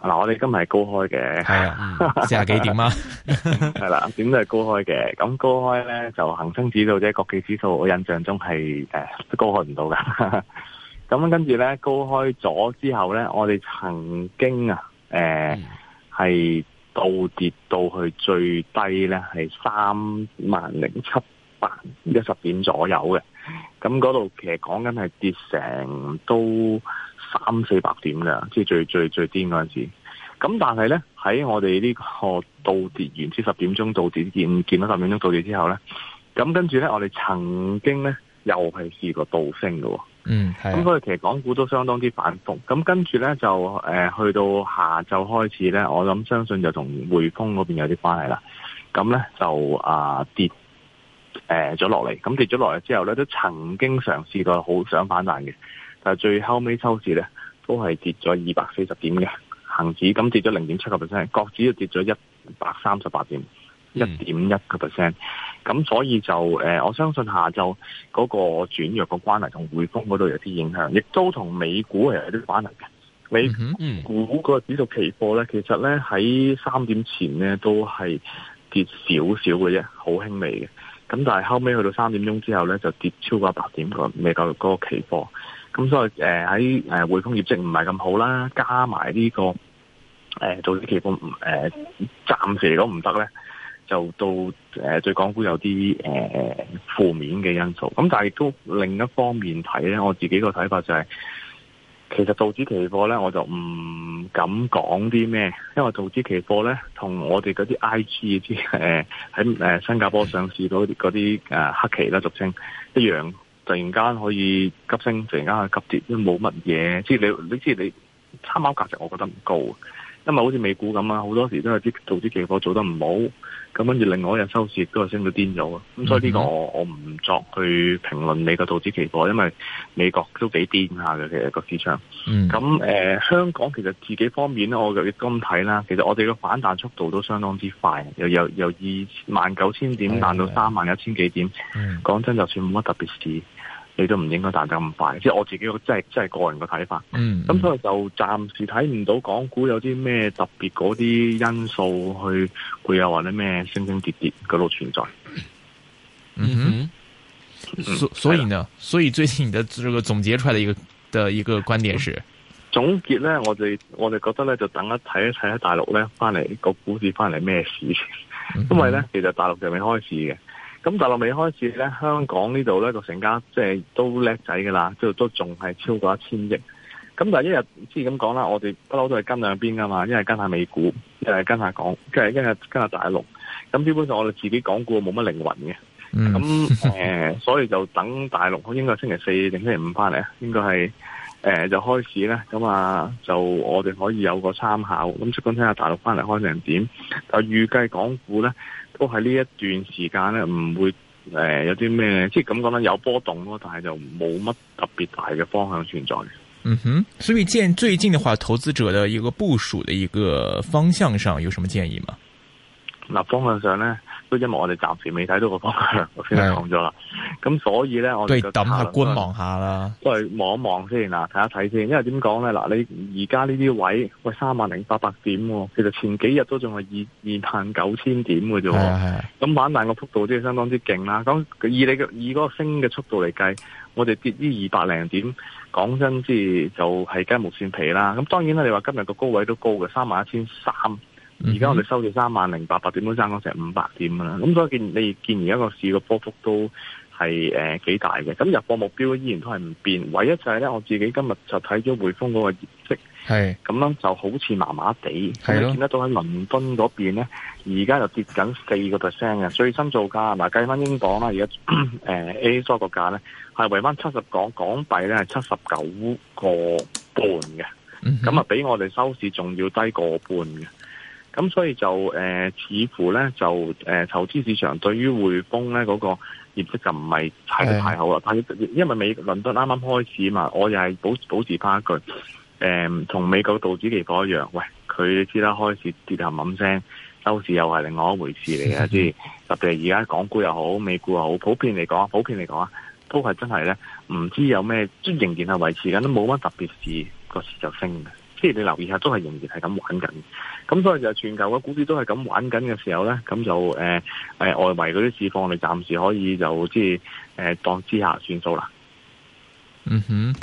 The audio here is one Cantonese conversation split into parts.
嗱，我哋今日係高開嘅、啊嗯，四十幾點啦、啊，係 啦，點都係高開嘅。咁高開咧，就恒生指數啫，國企指數我印象中係誒、呃、高開唔到噶。咁 跟住咧，高開咗之後咧，我哋曾經啊，誒、呃、係、嗯、倒跌到去最低咧，係三萬零七百一十點左右嘅。咁嗰度其實講緊係跌成都。三四百點嘅，即係最最最癲嗰陣時。咁但係咧，喺我哋呢個到跌完，即十點鐘到跌見見到十點鐘到跌之後咧，咁跟住咧，我哋曾經咧又係試過倒升嘅。嗯，係。咁所以其實港股都相當之反覆。咁跟住咧就誒去、呃、到下晝開始咧，我諗相信就同匯豐嗰邊有啲關係啦。咁咧就啊、呃、跌誒咗落嚟。咁、呃、跌咗落嚟之後咧，都曾經嘗試過好想反彈嘅。但最後尾收市咧，都係跌咗二百四十點嘅恒指，咁跌咗零點七個 percent，國指都跌咗一百三十八點，一點一個 percent。咁、嗯、所以就誒，我相信下晝嗰個轉弱個關係同匯豐嗰度有啲影響，亦都同美股係有啲關係嘅。美股個指數期貨咧，其實咧喺三點前咧都係跌少少嘅啫，好輕微嘅。咁但係後尾去到三點鐘之後咧，就跌超過一百點個未夠個期貨。咁所以誒喺誒匯豐業績唔係咁好啦，加埋呢個誒道指期貨唔誒，暫時都唔得咧，就到誒對港股有啲誒負面嘅因素。咁但係亦都另一方面睇咧，我自己個睇法就係、是、其實道指期貨咧，我就唔敢講啲咩，因為道指期貨咧同我哋嗰啲 I G 啲喺新加坡上市嗰啲啲黑期啦，俗稱一樣。突然間可以急升，突然間去急跌冇乜嘢。即係你，你知你參考價值，我覺得唔高。因為好似美股咁啊，好多時都係啲道指期貨做得唔好，咁跟住另外一日收市都係升到癲咗。咁、嗯、所以呢個我我唔作去評論你個道指期貨，因為美國都幾癲下嘅其實個市場。咁、嗯呃、香港其實自己方面咧，我亦咁睇啦，其實我哋嘅反彈速度都相當之快，由由由二萬九千點彈到三萬一千幾點。講、嗯、真，就算冇乜特別事。你都唔應該彈得咁快，即係我自己嘅，即係真係個人嘅睇法。咁、嗯、所以就暫時睇唔到港股有啲咩特別嗰啲因素去，佢又或者咩升升跌跌嗰度存在。嗯哼，所、嗯、所以呢、嗯，所以最近你嘅一個總結出來的一個的一個觀點是，總結呢。我哋我哋覺得呢，就等一睇一睇喺大陸呢，翻嚟，個股市翻嚟咩市，因為呢，其實大陸就未開始嘅。咁大陸未開始咧，香港呢度咧個成交即係都叻仔噶啦，即係都仲係超過一千億。咁但係一日之前咁講啦，我哋不嬲都係跟兩邊噶嘛，一係跟下美股，一係跟下港，一係跟下跟下大陸。咁基本上我哋自己港股冇乜靈魂嘅，咁、嗯、誒，呃、 所以就等大陸應該星期四定星期五翻嚟啊，應該係誒、呃、就開始咧。咁啊，就我哋可以有個參考。咁即管聽睇下大陸翻嚟開成點。就預計港股咧。都喺呢一段時間咧，唔會誒有啲咩，即係咁講啦，有波動咯，但係就冇乜特別大嘅方向存在。嗯哼，所以見最近嘅話，投資者嘅一個部署嘅一個方向上，有什麼建議嗎？嗱、呃，方向上咧。都因為我哋暫時未睇到個方向，先係講咗啦。咁所以咧，我哋等下觀望下啦，都係望一望先嗱，睇一睇先。因為點講咧？嗱，你而家呢啲位，喂，三萬零八百點喎，哦。其實前幾日都仲係二二萬九千點嘅啫。咁反彈個幅度即係相當之勁啦。咁以你嘅以嗰個升嘅速度嚟計，我哋跌於二百零點，講真之就係雞毛蒜皮啦。咁當然啦，你話今日個高位都高嘅，三萬一千三。而家我哋收住三萬零八百點都爭咗成五百點啦。咁所以見你見而家個市個波幅都係誒幾大嘅。咁入貨目標依然都係唔變，唯一就係咧，我自己今日就睇咗匯豐嗰個業績，咁樣就好似麻麻地。係咯。見得到喺倫敦嗰邊咧，而家就跌緊四個 percent 嘅，最新造價，同埋計翻英鎊啦。而家誒 A 股個價咧係為翻七十港港幣，咧係七十九個半嘅，咁、嗯、啊，比我哋收市仲要低個半嘅。咁所以就誒、呃，似乎咧就誒、呃，投資市場對於匯豐咧嗰、那個業績就唔係睇得太好啦。但因為美倫敦啱啱開始嘛，我又係保保持翻一句誒，同、呃、美國道指期嗰一樣。喂，佢知啦開始跌冚冚聲，收市又係另外一回事嚟嘅。即係特別而家港股又好，美股又好，普遍嚟講，普遍嚟講啊，都係真係咧，唔知有咩仍然係維持緊，都冇乜特別事，個市就升嘅。即係 你留意下，都係仍然係咁玩緊，咁所以就全球嘅股票都係咁玩緊嘅時候咧，咁就誒誒外圍嗰啲市況，你暫時可以就即係誒當之下算數啦。嗯哼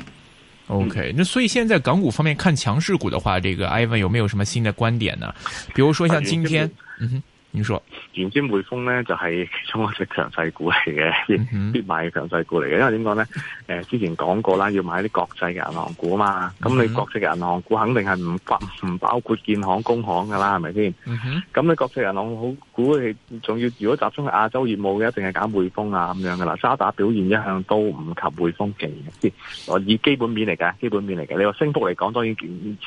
，OK，那所以現在在港股方面看強勢股的話，這個 Ivan 有沒有什麼新的觀點呢？比如說像今天，嗯哼。冇錯，原先匯豐咧就係、是、其中一隻強勢股嚟嘅、嗯，必買嘅強勢股嚟嘅。因為點講咧？誒、呃、之前講過啦，要買啲國際嘅銀行股啊嘛。咁、嗯、你國際嘅銀行股肯定係唔包唔包括建行、工行㗎啦，係咪先？咁、嗯、你國際銀行好股，你仲要如果集中係亞洲業務嘅，一定係揀匯豐啊咁樣嘅啦。渣打表現一向都唔及匯豐勁嘅，先我以基本面嚟嘅，基本面嚟嘅。你話升幅嚟講，當然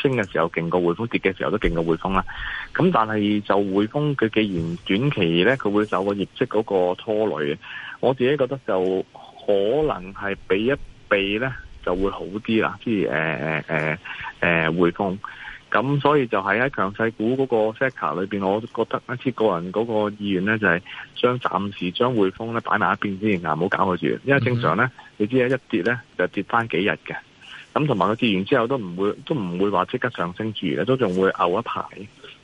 升嘅時候勁過匯豐，跌嘅時候都勁過匯豐啦。咁但係就匯豐佢既然，短期咧，佢會受個業績嗰個拖累嘅。我自己覺得就可能係避一避咧，就會好啲啦。即係誒誒誒誒匯豐，咁、呃呃呃、所以就喺喺強勢股嗰個 sector 裏邊，我覺得一啲個人嗰個意願咧，就係將暫時將匯豐咧擺埋一邊先啊，唔好搞佢住。因為正常咧，你知啊，一跌咧就跌翻幾日嘅。咁同埋佢跌完之後都唔會，都唔會話即刻上升住嘅，都仲會嘔一排。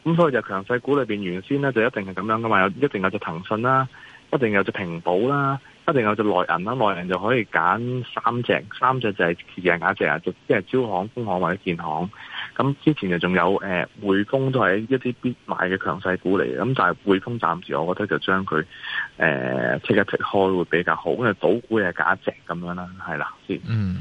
咁、嗯、所以就強勢股裏面，原先咧就一定係咁樣噶嘛，有一定有隻騰訊啦，一定有隻平保啦，一定有隻內銀啦，內銀就可以揀三隻，三隻就係四隻、啊、揀一隻，就即係招行、工行或者建行。咁之前就仲有誒、呃、匯豐都係一啲必買嘅強勢股嚟嘅，咁但係匯豐暫時我覺得就將佢誒切一撇開會比較好，因為賭股嘅係揀一隻咁樣啦，係啦先。嗯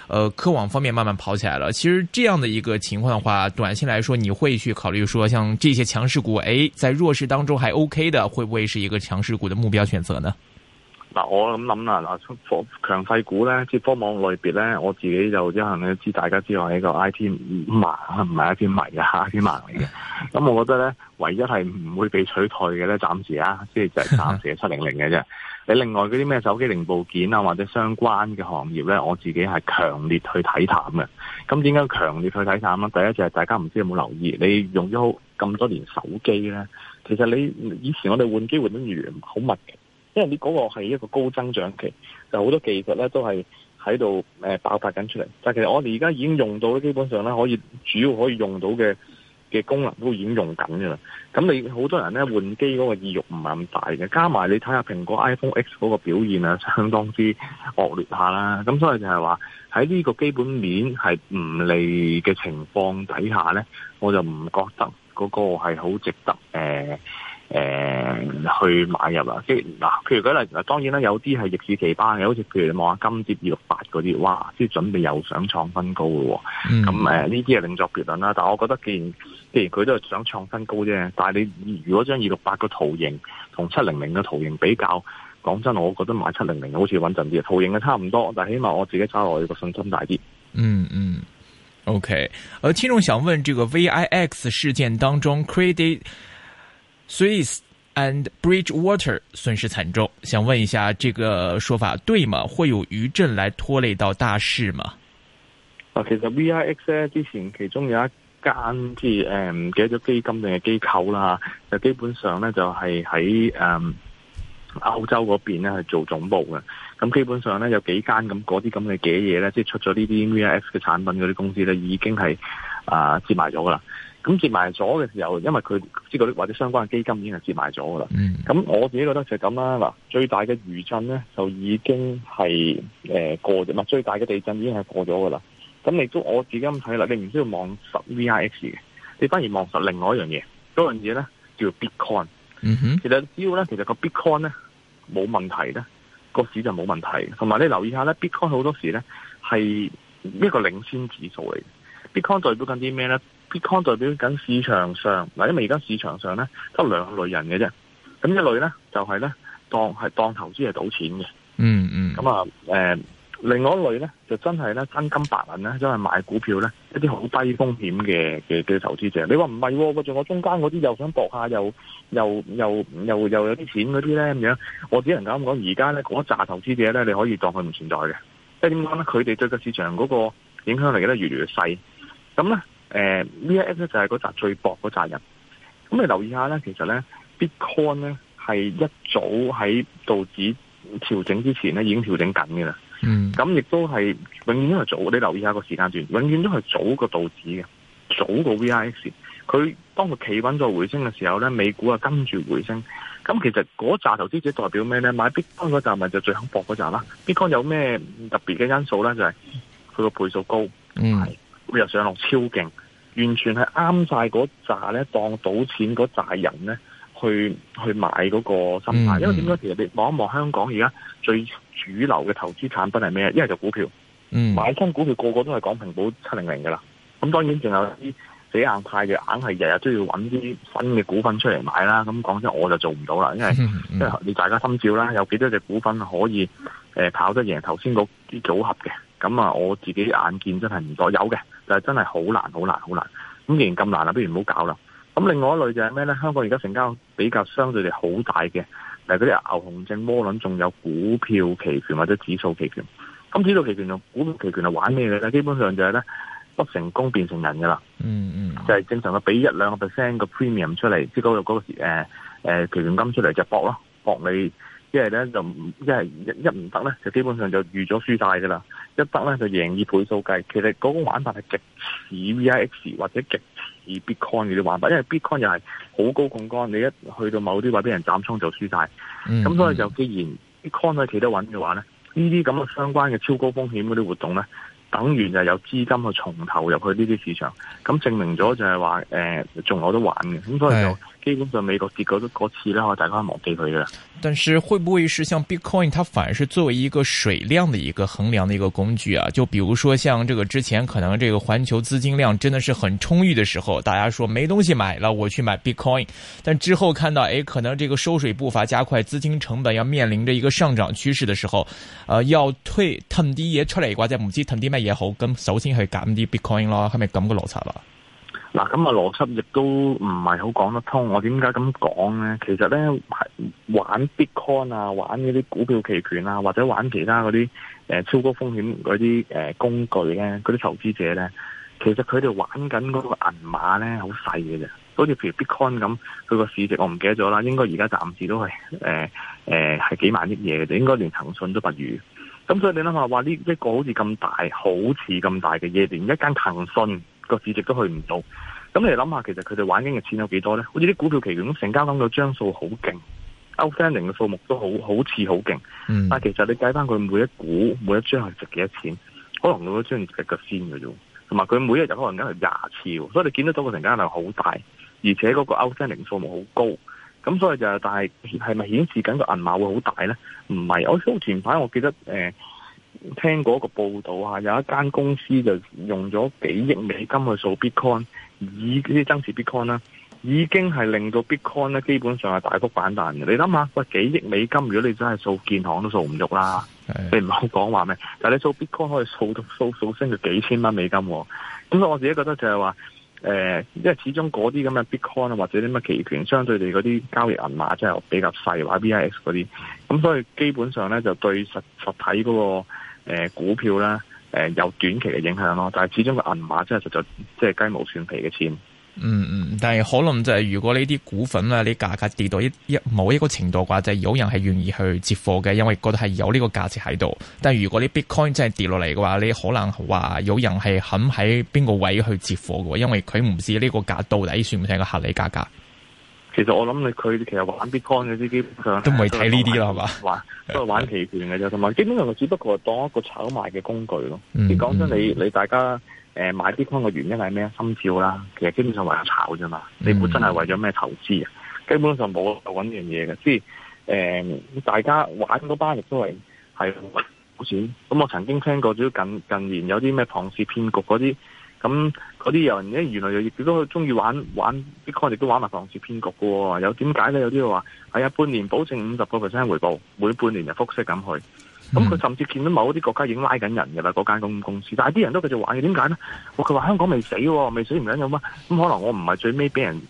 呃，科網方面慢慢跑起來了。其實這樣的一個情況的話，短線來說，你會去考慮說，像這些強勢股，誒，在弱勢當中還 OK 的，會不會是一個強勢股的目標選擇呢？嗱，我咁諗啦，嗱，強勢股咧，即科網類別咧，我自己就一行咧知大家知道呢個 I T 迷，唔係 I T 迷啊，I T 迷嚟嘅。咁 我覺得咧，唯一係唔會被取代嘅咧，暫時啊，即就係暫時七零零嘅啫。另外嗰啲咩手機零部件啊，或者相關嘅行業咧，我自己係強烈去睇淡嘅。咁點解強烈去睇淡咧？第一就係大家唔知有冇留意，你用咗咁多年手機咧，其實你以前我哋換機換得越好密嘅，因為你嗰個係一個高增長期，就好多技術咧都係喺度誒爆發緊出嚟。但其實我哋而家已經用到咧，基本上咧可以主要可以用到嘅，嘅功能都已經用緊㗎喇，咁你好多人咧換機嗰個意欲唔係咁大嘅，加埋你睇下蘋果 iPhone X 嗰個表現啊，相當之惡劣下啦，咁所以就係話喺呢個基本面係唔利嘅情況底下咧，我就唔覺得嗰個係好值得、呃誒、嗯、去買入啦，即係嗱，譬如舉例當然啦，有啲係逆市奇葩嘅，好似譬如你望下金蝶二六八嗰啲，哇，即係準備又想創新高嘅喎。咁、嗯、誒，呢啲係另作別論啦。但係我覺得既，既然既然佢都係想創新高啫，但係你如果將二六八個圖形同七零零嘅圖形比較，講真，我覺得買七零零好似穩陣啲，圖形咧差唔多，但係起碼我自己揸落去個信心大啲。嗯嗯，OK。而聽眾想問，這個 VIX 事件當中 credit。Swiss and Bridgewater 損失慘重，想問一下，這個說法對嗎？會有餘震來拖累到大市嗎？啊，其實 VIX 咧之前其中有一間即係誒，唔記得咗基金定係機構啦，就基本上咧就係喺誒歐洲嗰邊咧係做總部嘅，咁基本上咧有幾間咁，嗰啲咁嘅嘅嘢咧，即係、就是、出咗呢啲 VIX 嘅產品嗰啲公司咧，已經係啊接埋咗啦。咁接埋咗嘅時候，因為佢即係啲或者相關嘅基金已經係接埋咗噶啦。咁、mm -hmm. 我自己覺得就係咁啦。嗱，最大嘅餘震咧就已經係誒、呃、過咗，唔係最大嘅地震已經係過咗噶啦。咁亦都我自己咁睇啦，你唔需要望實 VIX 嘅，你反而望實另外一樣嘢，嗰樣嘢咧叫做 Bitcoin。哼、mm -hmm.，其實只要咧，其實個 Bitcoin 咧冇問題咧，個市就冇問題。同埋你留意一下咧，Bitcoin 好多時咧係一個領先指數嚟。Bitcoin 代表緊啲咩咧？Bitcoin 代表緊市場上，嗱，因為而家市場上咧得兩類人嘅啫。咁一類咧就係、是、咧當係當投資係賭錢嘅，mm -hmm. 嗯嗯。咁啊，誒，另外一類咧就真係咧真金白銀咧，真係買股票咧一啲好低風險嘅嘅嘅投資者。你話唔係，個仲有中間嗰啲又想搏下，又又又又又有啲錢嗰啲咧咁樣，我只能咁講。而家咧嗰紮投資者咧，你可以當佢唔存在嘅，即係點講咧？佢哋對個市場嗰個影響力咧，越嚟越細。咁咧，誒、呃，VIX 咧就係嗰扎最博嗰扎人。咁你留意下咧，其實咧，Bitcoin 咧係一早喺道指調整之前咧已經調整緊嘅啦。嗯，咁亦都係永遠都係早。你留意下個時間段，永遠都係早個道指嘅，早個 VIX。佢當佢企穩咗回升嘅時候咧，美股啊跟住回升。咁其實嗰扎投資者代表咩咧？買 Bitcoin 嗰扎咪就最肯博嗰扎啦。Bitcoin 有咩特別嘅因素咧？就係佢個倍數高，嗯，係。每日上落超勁，完全係啱晒嗰紮咧，當賭錢嗰扎人咧，去去買嗰個心態、嗯。因為點解、嗯、其實你望一望香港而家最主流嘅投資產品係咩？一係就股票，嗯、買空股票個個都係港平保七零零㗎啦。咁當然仲有啲死硬派嘅，硬係日日都要揾啲新嘅股份出嚟買啦。咁講真，我就做唔到啦，因為你大家心照啦，有幾多隻股份可以、呃、跑得贏頭先嗰啲組合嘅？咁啊，我自己眼見真係唔多有嘅，但係真係好難，好難，好難。咁既然咁難啦，不如唔好搞啦。咁另外一類就係咩咧？香港而家成交比較相對地好大嘅，係嗰啲牛熊證、窩輪，仲有股票期權或者指數期權。咁指數期權同股票期權係玩咩嘅咧？基本上就係咧，不成功變成人㗎啦。嗯、mm、嗯 -hmm.，就係正常嘅，俾一兩個 percent 嘅 premium 出嚟，即係嗰個誒誒期權金出嚟就博咯，博你。呢一係咧就唔，一係一一唔得咧就基本上就預咗輸曬噶啦。一得咧就贏以倍數計。其實嗰個玩法係極似 VIX 或者極似 Bitcoin 嗰啲玩法，因為 Bitcoin 又係好高槓杆，你一去到某啲位俾人斬倉就輸曬。咁、嗯嗯、所以就既然 Bitcoin 可以企得穩嘅話咧，呢啲咁嘅相關嘅超高風險嗰啲活動咧。等完就有資金去重投入去呢啲市場，咁證明咗就係話誒仲有得玩嘅，咁所以就基本上美國跌嗰啲次咧，我大家忘記佢噶啦。但是會不會是像 Bitcoin，它反而是作為一個水量嘅一個衡量嘅一個工具啊？就比如說像這個之前可能這個環球資金量真的是很充裕嘅時候，大家說沒東西買啦，我去買 Bitcoin。但之後看到誒、欸、可能這個收水步伐加快，資金成本要面臨着一個上漲趨勢嘅時候，呃，要退，屯啲嘢出嚟一掛，在目前屯啲賣。嘢好，咁首先去減啲 Bitcoin 咯，係咪咁嘅邏輯啊？嗱，咁啊邏輯亦都唔係好講得通。我點解咁講咧？其實咧，玩 Bitcoin 啊，玩嗰啲股票期權啊，或者玩其他嗰啲誒超高風險嗰啲誒工具咧，嗰啲投資者咧，其實佢哋玩緊嗰個銀碼咧，好細嘅啫。好似譬如 Bitcoin 咁，佢個市值我唔記得咗啦，應該而家暫時都係誒誒係幾萬億嘢嘅，應該連騰訊都不如。咁所以你諗下，話呢一個好似咁大，好似咁大嘅嘢，連一間騰訊個市值都去唔到。咁你諗下，其實佢哋玩緊嘅錢有幾多咧？好似啲股票期權，咁成交諗到張數好勁，outstanding 嘅數目都好好似好勁。但其實你計翻佢每一股，每一張係值幾多錢，可能兩張值個仙㗎啫。同埋佢每一日可能梗係廿次，所以你見得到個成交量好大，而且嗰個 outstanding 數目好高。咁所以就係但係係咪顯示緊個銀碼會好大咧？唔係，我數前排，我記得誒、呃、聽過一個報道啊，有一間公司就用咗幾億美金去掃 Bitcoin，以啲增持 Bitcoin 啦，已經係令到 Bitcoin 咧基本上係大幅反彈嘅。你諗下，喂，幾億美金，如果你真係掃建行都掃唔喐啦，你唔好講話咩。但係你掃 Bitcoin 可以掃到掃，掃升到幾千蚊美金喎。咁所以我自己覺得就係話。誒，因為始終啲咁嘅 Bitcoin 啊，或者啲乜期權相對哋啲交易銀碼真係比較細或者 VIX 啲，咁所以基本上咧就對實實體嗰個誒股票咧誒有短期嘅影響咯。但係始終個銀碼真係實在即係雞毛蒜皮嘅錢。嗯嗯，但係可能就係如果呢啲股份啊，啲價格跌到一一某一個程度嘅話，就係有人係願意去接貨嘅，因為覺得係有呢個價值喺度。但係如果你 Bitcoin 真係跌落嚟嘅話，你可能話有人係肯喺邊個位去接貨嘅，因為佢唔知呢個價到底算唔算一個合理價格。其實我諗你佢其實玩 Bitcoin 嘅啲 基本上都唔係睇呢啲啦，係嘛，都係玩期權嘅啫，同埋基本上我只不過係當一個炒賣嘅工具咯。嗯嗯，你講真，你你大家。誒、呃，買啲 coin 嘅原因係咩啊？心照啦，其實基本上為咗炒啫嘛。你本身係為咗咩投資啊？基本上冇搵呢樣嘢嘅。即係誒，大家玩嗰班亦都係係玩股。咁我曾經聽過，主要近近年有啲咩龐氏騙局嗰啲，咁嗰啲人咧，原來又亦都中意玩玩啲 coin，亦都玩埋龐氏騙局噶。有點解咧？有啲人話係啊，半年保證五十個 percent 回報，每半年就複息咁去。咁、嗯、佢甚至見到某一啲國家已經拉緊人嘅啦，嗰間公公司，但係啲人都繼續玩嘅，點解咧？佢話香港未死喎，未死唔緊要乜？咁可能我唔係最尾俾人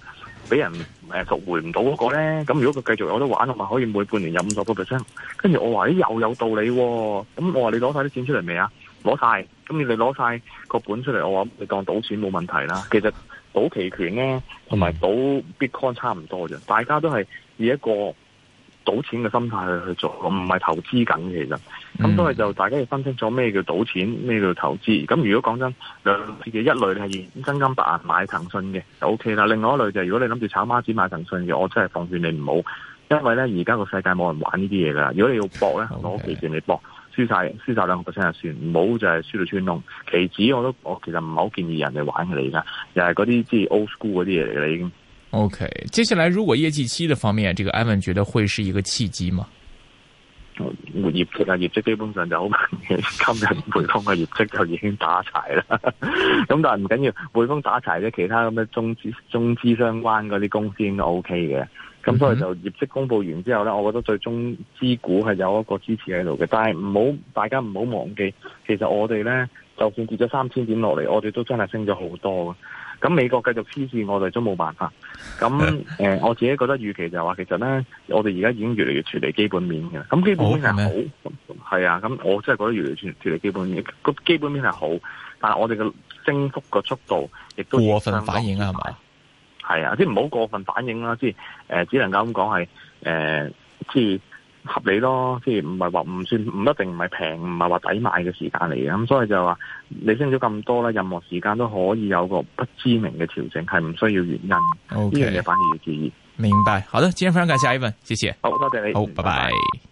俾人贖回唔到嗰個咧。咁如果佢繼續有得玩，我咪可以每半年有五十個 percent。跟住我話：，咦、欸，又有道理、啊。咁我話你攞晒啲錢出嚟未啊？攞晒。咁你哋攞晒個本出嚟，我話你當賭錢冇問題啦。其實賭期權咧，同埋賭 Bitcoin 差唔多啫，大家都係以一個。賭錢嘅心態去去做，唔係投資緊其實。咁、嗯、所以就大家要分清楚咩叫賭錢，咩叫投資。咁如果講真，兩嘢一類，你係真金白銀買騰訊嘅就 OK 啦。另外一類就是，如果你諗住炒孖子買騰訊嘅，我真係奉勸你唔好，因為咧而家個世界冇人玩呢啲嘢噶啦。如果你要搏咧，我奉勸你搏，輸晒輸晒兩個 percent 就算，唔好就係輸到穿窿。其紙我都我其實唔係好建議人哋玩嚟噶，又係嗰啲即係 old school 嗰啲嘢嚟噶啦已經。O、okay, K，接下來如果業績期的方面，這個 Ivan 覺得會是一個契機嗎？我你睇下，基本上就好，然後今日匯豐嘅業績就已經打柴啦。咁 但係唔緊要，匯豐打柴啫，其他咁嘅中資中資相關嗰啲公司應該 O K 嘅。咁、嗯、所以就業績公布完之後呢，我覺得最終資股係有一個支持喺度嘅。但係唔好，大家唔好忘記，其實我哋呢，就算跌咗三千點落嚟，我哋都真係升咗好多。咁美國繼續黐線，我哋都冇辦法。咁誒、 呃，我自己覺得預期就話、是，其實咧，我哋而家已經越嚟越脫離基本面嘅。咁基本面係好，係啊。咁我真係覺得越嚟越脫離基本面。個基本面係好，但係我哋嘅升幅嘅速度亦都過分反應啊。係咪？係啊，即係唔好過分反應啦。即係只能夠咁講係誒，即、呃、係。合理咯即係唔係話唔算，唔一定唔係平，唔係話抵買嘅時間嚟嘅咁所以就話你升咗咁多咧，任何時間都可以有個不知名嘅調整，係唔需要原因，okay, 呢樣嘢反而要注意。明白，好啦，今日分享介紹，Evan，謝謝，好多謝你，好，bye bye 拜拜。